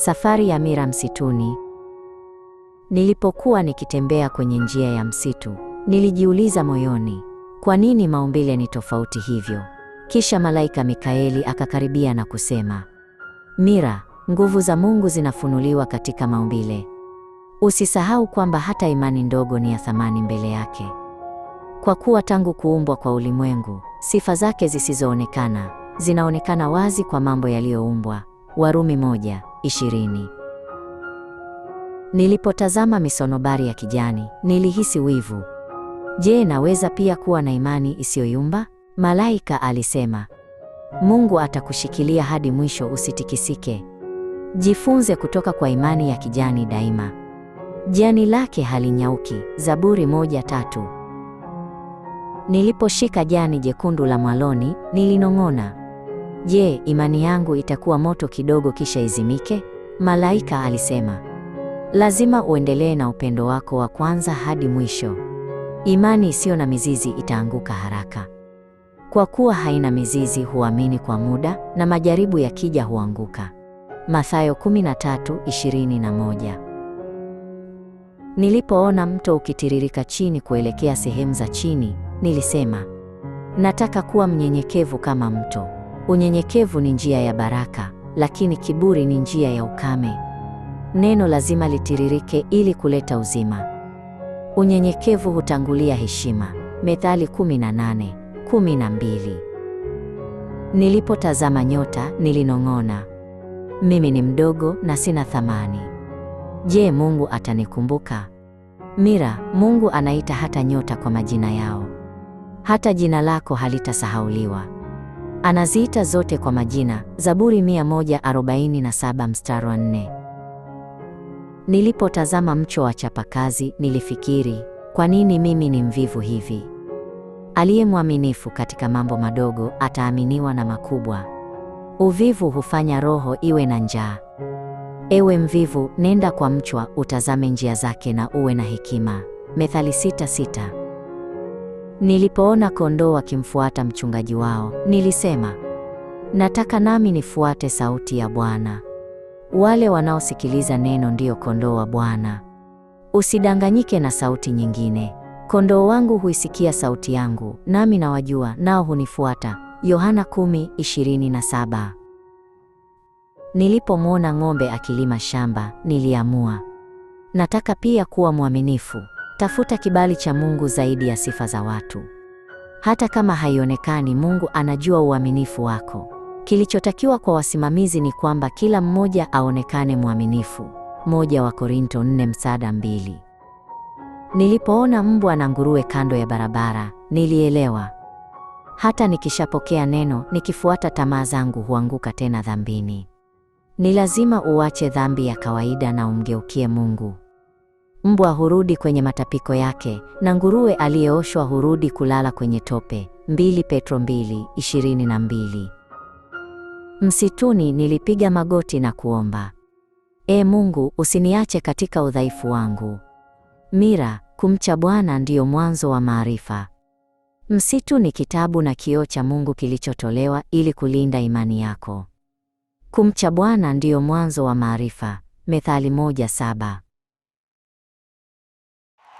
Safari ya Mira msituni. Nilipokuwa nikitembea kwenye njia ya msitu, nilijiuliza moyoni, kwa nini maumbile ni tofauti hivyo? Kisha malaika Mikaeli akakaribia na kusema, Mira, nguvu za Mungu zinafunuliwa katika maumbile. Usisahau kwamba hata imani ndogo ni ya thamani mbele yake. Kwa kuwa tangu kuumbwa kwa ulimwengu, sifa zake zisizoonekana zinaonekana wazi kwa mambo yaliyoumbwa. Warumi moja, ishirini. Nilipotazama misonobari ya kijani, nilihisi wivu. Je, naweza pia kuwa na imani isiyoyumba? Malaika alisema, Mungu atakushikilia hadi mwisho, usitikisike. Jifunze kutoka kwa imani ya kijani daima. Jani lake halinyauki. Zaburi moja tatu. Niliposhika jani jekundu la mwaloni, nilinong'ona. Je, imani yangu itakuwa moto kidogo kisha izimike? Malaika alisema, lazima uendelee na upendo wako wa kwanza hadi mwisho. Imani isiyo na mizizi itaanguka haraka. Kwa kuwa haina mizizi, huamini kwa muda na majaribu yakija huanguka. Mathayo 13:21. Nilipoona mto ukitiririka chini kuelekea sehemu za chini, nilisema, nataka kuwa mnyenyekevu kama mto. Unyenyekevu ni njia ya baraka, lakini kiburi ni njia ya ukame. Neno lazima litiririke ili kuleta uzima. Unyenyekevu hutangulia heshima. Methali 18, 12. Nilipotazama nyota nilinong'ona, mimi ni mdogo na sina thamani. Je, Mungu atanikumbuka? Mira, Mungu anaita hata nyota kwa majina yao. Hata jina lako halitasahauliwa. Anaziita zote kwa majina. Zaburi 147 mstari wa 4. Nilipotazama mcho wa chapakazi, nilifikiri, kwa nini mimi ni mvivu hivi? Aliye mwaminifu katika mambo madogo ataaminiwa na makubwa. Uvivu hufanya roho iwe na njaa. Ewe mvivu, nenda kwa mchwa, utazame njia zake na uwe na hekima. Methali sita sita. Nilipoona kondoo wakimfuata mchungaji wao, nilisema, nataka nami nifuate sauti ya Bwana. Wale wanaosikiliza neno ndiyo kondoo wa Bwana. Usidanganyike na sauti nyingine. Kondoo wangu huisikia sauti yangu, nami nawajua, nao hunifuata. Yohana 10:27. Nilipomwona ng'ombe akilima shamba, niliamua, nataka pia kuwa mwaminifu. Tafuta kibali cha Mungu zaidi ya sifa za watu. Hata kama haionekani, Mungu anajua uaminifu wako. Kilichotakiwa kwa wasimamizi ni kwamba kila mmoja aonekane mwaminifu. Moja wa Korinto 4 msada mbili. Nilipoona mbwa na nguruwe kando ya barabara, nilielewa. Hata nikishapokea neno, nikifuata tamaa zangu huanguka tena dhambini. Ni lazima uache dhambi ya kawaida na umgeukie Mungu. Mbwa hurudi kwenye matapiko yake na nguruwe aliyeoshwa hurudi kulala kwenye tope. mbili Petro mbili ishirini na mbili. Msituni nilipiga magoti na kuomba, E Mungu, usiniache katika udhaifu wangu. Mira, kumcha Bwana ndiyo mwanzo wa maarifa. Msitu ni kitabu na kioo cha Mungu kilichotolewa ili kulinda imani yako. Kumcha Bwana ndiyo mwanzo wa maarifa. Methali moja saba.